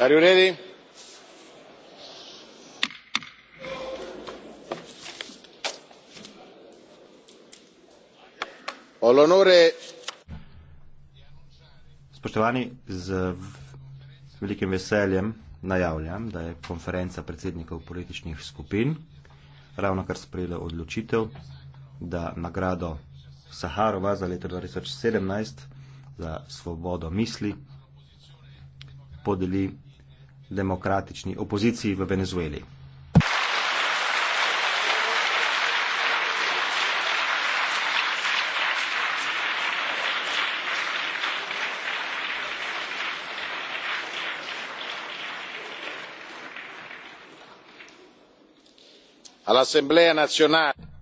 are you ready? Spoštovani, z velikim veseljem najavljam, da je konferenca predsednikov političnih skupin ravno kar sprejela odločitev, da nagrado Saharova za leto 2017 za svobodo misli podeli demokratični opoziciji v Venezueli. All'Assemblea nazionale.